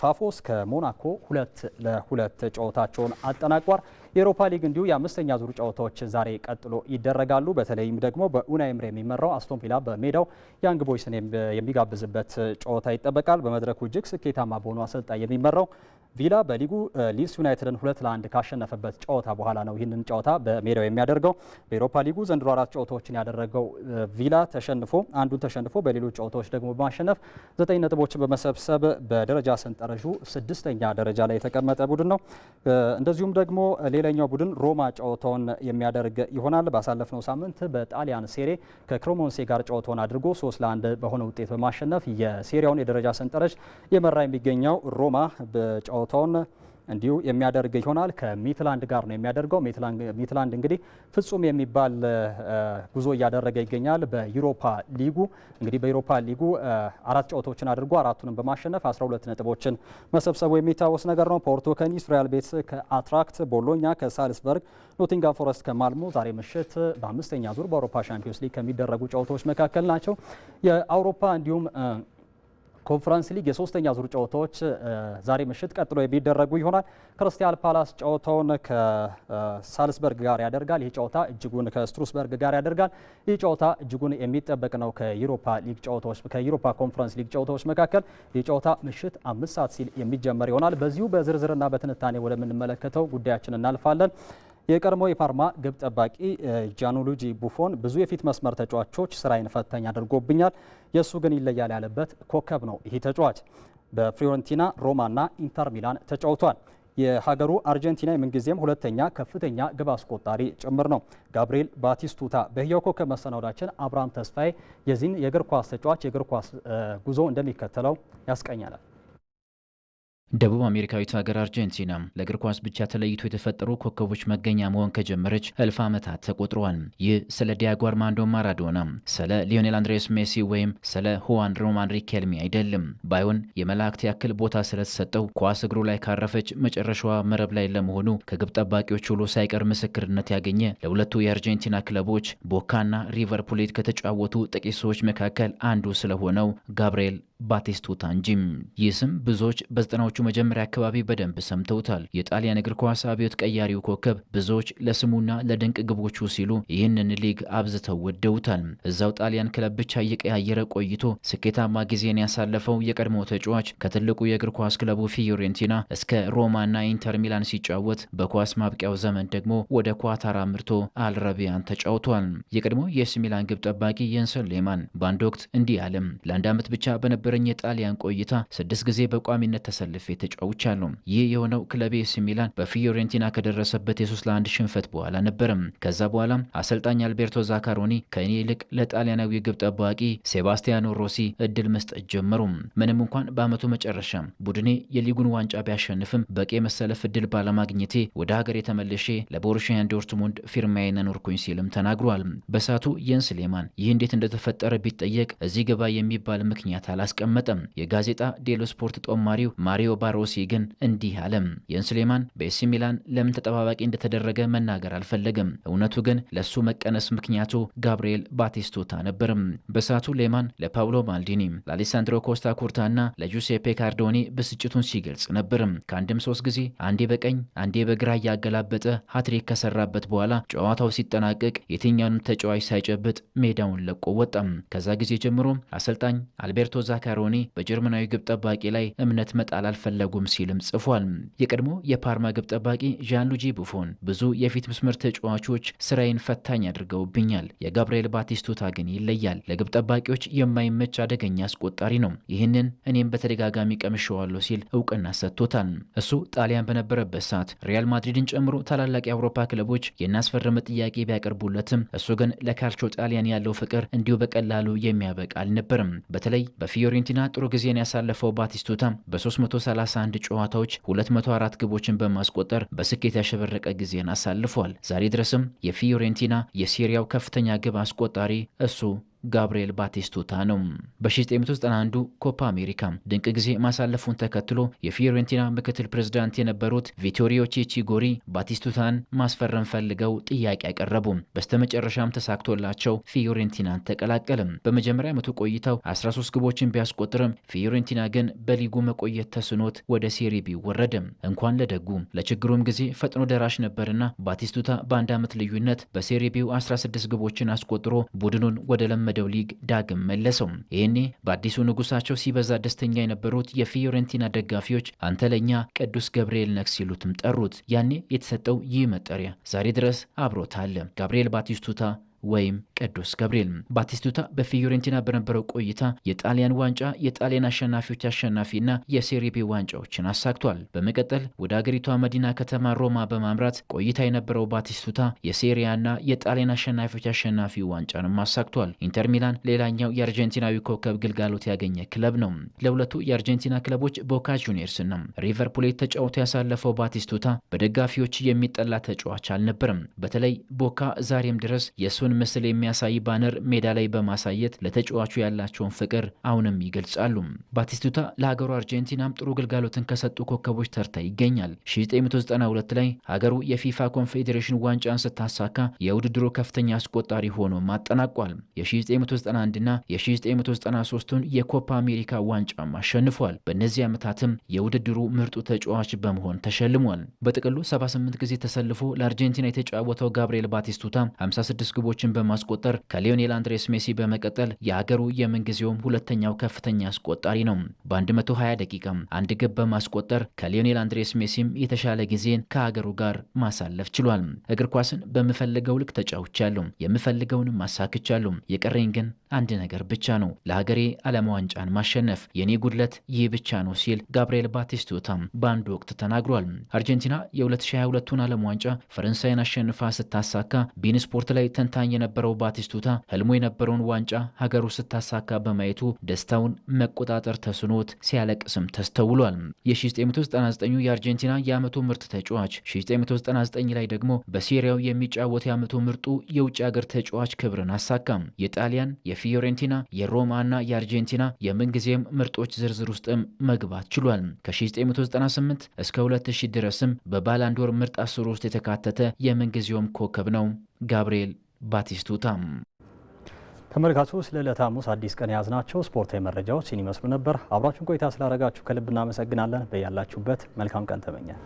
ፋፎስ ከሞናኮ ሁለት ለሁለት ጨዋታቸውን አጠናቋል። የአውሮፓ ሊግ እንዲሁ የአምስተኛ ዙር ጨዋታዎች ዛሬ ቀጥሎ ይደረጋሉ። በተለይም ደግሞ በኡናይ ኤምሪ የሚመራው አስቶን ቪላ በሜዳው ያንግ ቦይስን የሚጋብዝበት ጨዋታ ይጠበቃል። በመድረኩ እጅግ ስኬታማ በሆኑ አሰልጣኝ የሚመራው ቪላ በሊጉ ሊድስ ዩናይትድን ሁለት ለአንድ ካሸነፈበት ጨዋታ በኋላ ነው ይህንን ጨዋታ በሜዳው የሚያደርገው። በኤሮፓ ሊጉ ዘንድሮ አራት ጨዋታዎችን ያደረገው ቪላ ተሸንፎ አንዱን ተሸንፎ በሌሎች ጨዋታዎች ደግሞ በማሸነፍ ዘጠኝ ነጥቦችን በመሰብሰብ በደረጃ ሰንጠረዡ ስድስተኛ ደረጃ ላይ የተቀመጠ ቡድን ነው። እንደዚሁም ደግሞ ሌላኛው ቡድን ሮማ ጨዋታውን የሚያደርግ ይሆናል። ባሳለፍነው ሳምንት በጣሊያን ሴሬ ከክሮሞንሴ ጋር ጨዋታውን አድርጎ ሶስት ለአንድ በሆነ ውጤት በማሸነፍ የሴሪያውን የደረጃ ሰንጠረዥ የመራ የሚገኘው ሮማ በጨዋታ ጨዋታውን እንዲሁ የሚያደርግ ይሆናል። ከሚትላንድ ጋር ነው የሚያደርገው። ሚትላንድ እንግዲህ ፍጹም የሚባል ጉዞ እያደረገ ይገኛል በዩሮፓ ሊጉ። እንግዲህ በዩሮፓ ሊጉ አራት ጨዋታዎችን አድርጎ አራቱንም በማሸነፍ 12 ነጥቦችን መሰብሰቡ የሚታወስ ነገር ነው። ፖርቶ ከኒስ፣ ሪያል ቤት ከአትራክት፣ ቦሎኛ ከሳልስበርግ፣ ኖቲንጋም ፎረስት ከማልሞ ዛሬ ምሽት በአምስተኛ ዙር በአውሮፓ ሻምፒዮንስ ሊግ ከሚደረጉ ጨዋታዎች መካከል ናቸው። የአውሮፓ እንዲሁም ኮንፈረንስ ሊግ የሶስተኛ ዙር ጨዋታዎች ዛሬ ምሽት ቀጥሎ የሚደረጉ ይሆናል። ክርስቲያል ፓላስ ጨዋታውን ከሳልስበርግ ጋር ያደርጋል። ይህ ጨዋታ እጅጉን ከስትሩስበርግ ጋር ያደርጋል። ይህ ጨዋታ እጅጉን የሚጠበቅ ነው። ከዩሮፓ ሊግ ጨዋታዎች ከዩሮፓ ኮንፈረንስ ሊግ ጨዋታዎች መካከል ይህ ጨዋታ ምሽት አምስት ሰዓት ሲል የሚጀመር ይሆናል። በዚሁ በዝርዝርና በትንታኔ ወደምንመለከተው ጉዳያችን እናልፋለን። የቀድሞ የፓርማ ግብ ጠባቂ ጃኑሉጂ ቡፎን ብዙ የፊት መስመር ተጫዋቾች ስራዬን ፈተኝ አድርጎብኛል፣ የእሱ ግን ይለያል ያለበት ኮከብ ነው። ይህ ተጫዋች በፍዮረንቲና ሮማና ኢንተር ሚላን ተጫውቷል። የሀገሩ አርጀንቲና የምንጊዜም ሁለተኛ ከፍተኛ ግብ አስቆጣሪ ጭምር ነው። ጋብሪኤል ባቲስቱታ በህያው ኮከብ መሰናወዳችን አብርሃም ተስፋዬ የዚህን የእግር ኳስ ተጫዋች የእግር ኳስ ጉዞ እንደሚከተለው ያስቀኛል። ደቡብ አሜሪካዊት ሀገር አርጀንቲና ለእግር ኳስ ብቻ ተለይቶ የተፈጠሩ ኮከቦች መገኛ መሆን ከጀመረች እልፍ ዓመታት ተቆጥረዋል። ይህ ስለ ዲያጎ አርማንዶ ማራዶና፣ ስለ ሊዮኔል አንድሬስ ሜሲ ወይም ስለ ሁዋን ሮማን ሪኬልሚ አይደለም። ባይሆን የመላእክት ያክል ቦታ ስለተሰጠው ኳስ እግሩ ላይ ካረፈች መጨረሻዋ መረብ ላይ ለመሆኑ ከግብ ጠባቂዎች ሁሉ ሳይቀር ምስክርነት ያገኘ ለሁለቱ የአርጀንቲና ክለቦች ቦካና ሪቨር ፕሌት ከተጫወቱ ጥቂት ሰዎች መካከል አንዱ ስለሆነው ጋብርኤል ባቴስቱታ እንጂ። ይህ ስም ብዙዎች በዘጠናዎቹ መጀመሪያ አካባቢ በደንብ ሰምተውታል። የጣሊያን እግር ኳስ አብዮት ቀያሪው ኮከብ ብዙዎች ለስሙና ለድንቅ ግቦቹ ሲሉ ይህንን ሊግ አብዝተው ወደውታል። እዛው ጣሊያን ክለብ ብቻ እየቀያየረ ቆይቶ ስኬታማ ጊዜን ያሳለፈው የቀድሞ ተጫዋች ከትልቁ የእግር ኳስ ክለቡ ፊዮሬንቲና እስከ ሮማና ኢንተር ሚላን ሲጫወት በኳስ ማብቂያው ዘመን ደግሞ ወደ ኳታር አምርቶ አልረቢያን ተጫውቷል። የቀድሞ የኤሲ ሚላን ግብ ጠባቂ የንሰን ሌማን በአንድ ወቅት እንዲህ አለም ለአንድ ዓመት ብቻ በነበ በነበረኝ የጣሊያን ቆይታ ስድስት ጊዜ በቋሚነት ተሰልፌ ተጫውቻለሁ። ይህ የሆነው ክለቤ ኤሲ ሚላን በፊዮሬንቲና ከደረሰበት የሶስት ለአንድ ሽንፈት በኋላ ነበረም። ከዛ በኋላ አሰልጣኝ አልቤርቶ ዛካሮኒ ከእኔ ይልቅ ለጣሊያናዊ ግብ ጠባቂ ሴባስቲያኖ ሮሲ እድል መስጠት ጀመሩ። ምንም እንኳን በአመቱ መጨረሻ ቡድኔ የሊጉን ዋንጫ ቢያሸንፍም በቂ መሰለፍ እድል ባለማግኘቴ ወደ ሀገሬ ተመልሼ ለቦሩሺያ ዶርትሙንድ ፊርማዬን አኖርኩኝ ሲልም ተናግሯል። በሳቱ የንስሌማን ይህ እንዴት እንደተፈጠረ ቢጠየቅ እዚህ ገባ የሚባል ምክንያት አላስቀ አላስቀመጠም። የጋዜጣ ዴሎ ስፖርት ጦማሪው ማሪዮ ባሮሲ ግን እንዲህ አለም። ስሌማን በኤሲ ሚላን ለምን ተጠባባቂ እንደተደረገ መናገር አልፈለገም። እውነቱ ግን ለሱ መቀነስ ምክንያቱ ጋብርኤል ባቲስቱታ ነበርም። በሳቱ ሌማን ለፓውሎ ማልዲኒ፣ ለአሌሳንድሮ ኮስታ ኩርታ እና ለጁሴፔ ካርዶኒ ብስጭቱን ሲገልጽ ነበርም። ከአንድም ሶስት ጊዜ አንዴ በቀኝ አንዴ በግራ እያገላበጠ ሀትሪክ ከሰራበት በኋላ ጨዋታው ሲጠናቀቅ የትኛውንም ተጫዋች ሳይጨብጥ ሜዳውን ለቆ ወጣም። ከዛ ጊዜ ጀምሮ አሰልጣኝ አልቤርቶ ዛካ ማካሮኒ በጀርመናዊ ግብ ጠባቂ ላይ እምነት መጣል አልፈለጉም ሲልም ጽፏል። የቀድሞ የፓርማ ግብ ጠባቂ ዣን ሉጂ ቡፎን ብዙ የፊት መስመር ተጫዋቾች ስራዬን ፈታኝ አድርገውብኛል፣ የጋብርኤል ባቲስቱታ ግን ይለያል። ለግብ ጠባቂዎች የማይመች አደገኛ አስቆጣሪ ነው። ይህንን እኔም በተደጋጋሚ ቀምሸዋለሁ ሲል እውቅና ሰጥቶታል። እሱ ጣሊያን በነበረበት ሰዓት ሪያል ማድሪድን ጨምሮ ታላላቅ የአውሮፓ ክለቦች የናስፈረመ ጥያቄ ቢያቀርቡለትም እሱ ግን ለካልቾ ጣሊያን ያለው ፍቅር እንዲሁ በቀላሉ የሚያበቃ አልነበርም። በተለይ በፊዮሪ ፊዮሬንቲና ጥሩ ጊዜን ያሳለፈው ባቲስቱታ በ331 ጨዋታዎች 204 ግቦችን በማስቆጠር በስኬት ያሸበረቀ ጊዜን አሳልፏል። ዛሬ ድረስም የፊዮሬንቲና የሴሪያው ከፍተኛ ግብ አስቆጣሪ እሱ ጋብርኤል ባቲስቱታ ነው። በ1991 ኮፓ አሜሪካ ድንቅ ጊዜ ማሳለፉን ተከትሎ የፊዮሬንቲና ምክትል ፕሬዝዳንት የነበሩት ቪቶሪዮ ቼቺጎሪ ባቲስቱታን ማስፈረም ፈልገው ጥያቄ አቀረቡ። በስተመጨረሻም ተሳክቶላቸው ፊዮሬንቲናን ተቀላቀልም። በመጀመሪያ ዓመቱ ቆይታው 13 ግቦችን ቢያስቆጥርም ፊዮሬንቲና ግን በሊጉ መቆየት ተስኖት ወደ ቢ ወረደም። እንኳን ለደጉ ለችግሩም ጊዜ ፈጥኖ ደራሽ ነበርና ባቲስቱታ በአንድ ዓመት ልዩነት በሴሪቢው 16 ግቦችን አስቆጥሮ ቡድኑን ወደ ለመ ወደተለመደው ሊግ ዳግም መለሰው። ይህኔ በአዲሱ ንጉሳቸው ሲበዛ ደስተኛ የነበሩት የፊዮሬንቲና ደጋፊዎች አንተ ለእኛ ቅዱስ ገብርኤል ነክ ሲሉትም ጠሩት። ያኔ የተሰጠው ይህ መጠሪያ ዛሬ ድረስ አብሮት አለ። ጋብርኤል ባቲስቱታ ወይም ቅዱስ ገብርኤል። ባቲስቱታ በፊዮሬንቲና በነበረው ቆይታ የጣሊያን ዋንጫ፣ የጣሊያን አሸናፊዎች አሸናፊና የሴሪቤ ዋንጫዎችን አሳክቷል። በመቀጠል ወደ አገሪቷ መዲና ከተማ ሮማ በማምራት ቆይታ የነበረው ባቲስቱታ የሴሪያና የጣሊያን አሸናፊዎች አሸናፊ ዋንጫንም አሳክቷል። ኢንተር ሚላን ሌላኛው የአርጀንቲናዊ ኮከብ ግልጋሎት ያገኘ ክለብ ነው። ለሁለቱ የአርጀንቲና ክለቦች ቦካ ጁኒየርስና ሪቨር ፕሌት ተጫውቶ ያሳለፈው ባቲስቱታ በደጋፊዎች የሚጠላ ተጫዋች አልነበረም። በተለይ ቦካ ዛሬም ድረስ የእሱን የአባቱን ምስል የሚያሳይ ባነር ሜዳ ላይ በማሳየት ለተጫዋቹ ያላቸውን ፍቅር አሁንም ይገልጻሉ። ባቲስቱታ ለሀገሩ አርጀንቲናም ጥሩ ግልጋሎትን ከሰጡ ኮከቦች ተርታ ይገኛል። 1992 ላይ ሀገሩ የፊፋ ኮንፌዴሬሽን ዋንጫን ስታሳካ የውድድሩ ከፍተኛ አስቆጣሪ ሆኖም አጠናቋል። የ1991ና የ1993ቱን የኮፓ አሜሪካ ዋንጫም አሸንፏል። በእነዚህ ዓመታትም የውድድሩ ምርጡ ተጫዋች በመሆን ተሸልሟል። በጥቅሉ 78 ጊዜ ተሰልፎ ለአርጀንቲና የተጫወተው ጋብርኤል ባቲስቱታ 56 ግቦች ጎሎችን በማስቆጠር ከሊዮኔል አንድሬስ ሜሲ በመቀጠል የአገሩ የምንጊዜውም ሁለተኛው ከፍተኛ አስቆጣሪ ነው። በ120 ደቂቃም አንድ ግብ በማስቆጠር ከሊዮኔል አንድሬስ ሜሲም የተሻለ ጊዜን ከአገሩ ጋር ማሳለፍ ችሏል። እግር ኳስን በምፈልገው ልክ ተጫውቻለሁ፣ የምፈልገውንም አሳክቻለሁ። የቀረኝ ግን አንድ ነገር ብቻ ነው፣ ለሀገሬ ዓለም ዋንጫን ማሸነፍ። የኔ ጉድለት ይህ ብቻ ነው ሲል ጋብርኤል ባቲስቱታም በአንድ ወቅት ተናግሯል። አርጀንቲና የ2022ቱን ዓለም ዋንጫ ፈረንሳይን አሸንፋ ስታሳካ ቢን ስፖርት ላይ ተንታኝ የነበረው ባቲስቱታ ህልሙ የነበረውን ዋንጫ ሀገሩ ስታሳካ በማየቱ ደስታውን መቆጣጠር ተስኖት ሲያለቅስም ተስተውሏል። የ1999 የአርጀንቲና የዓመቱ ምርጥ ተጫዋች 1999 ላይ ደግሞ በሴሪያው የሚጫወት የዓመቱ ምርጡ የውጭ ሀገር ተጫዋች ክብርን አሳካም። የጣሊያን የ የፊዮሬንቲና የሮማና የአርጀንቲና የምንጊዜም ምርጦች ዝርዝር ውስጥም መግባት ችሏል። ከ1998 እስከ 2000 ድረስም በባላንዶር ምርጥ አስሩ ውስጥ የተካተተ የምንጊዜውም ኮከብ ነው ጋብርኤል ባቲስቱታ። ስለ ለዕለተ ሐሙስ አዲስ ቀን የያዝናቸው ስፖርታዊ መረጃዎች ይህን ይመስሉ ነበር። አብራችሁን ቆይታ ስላደረጋችሁ ከልብ እናመሰግናለን። በያላችሁበት መልካም ቀን ተመኘን።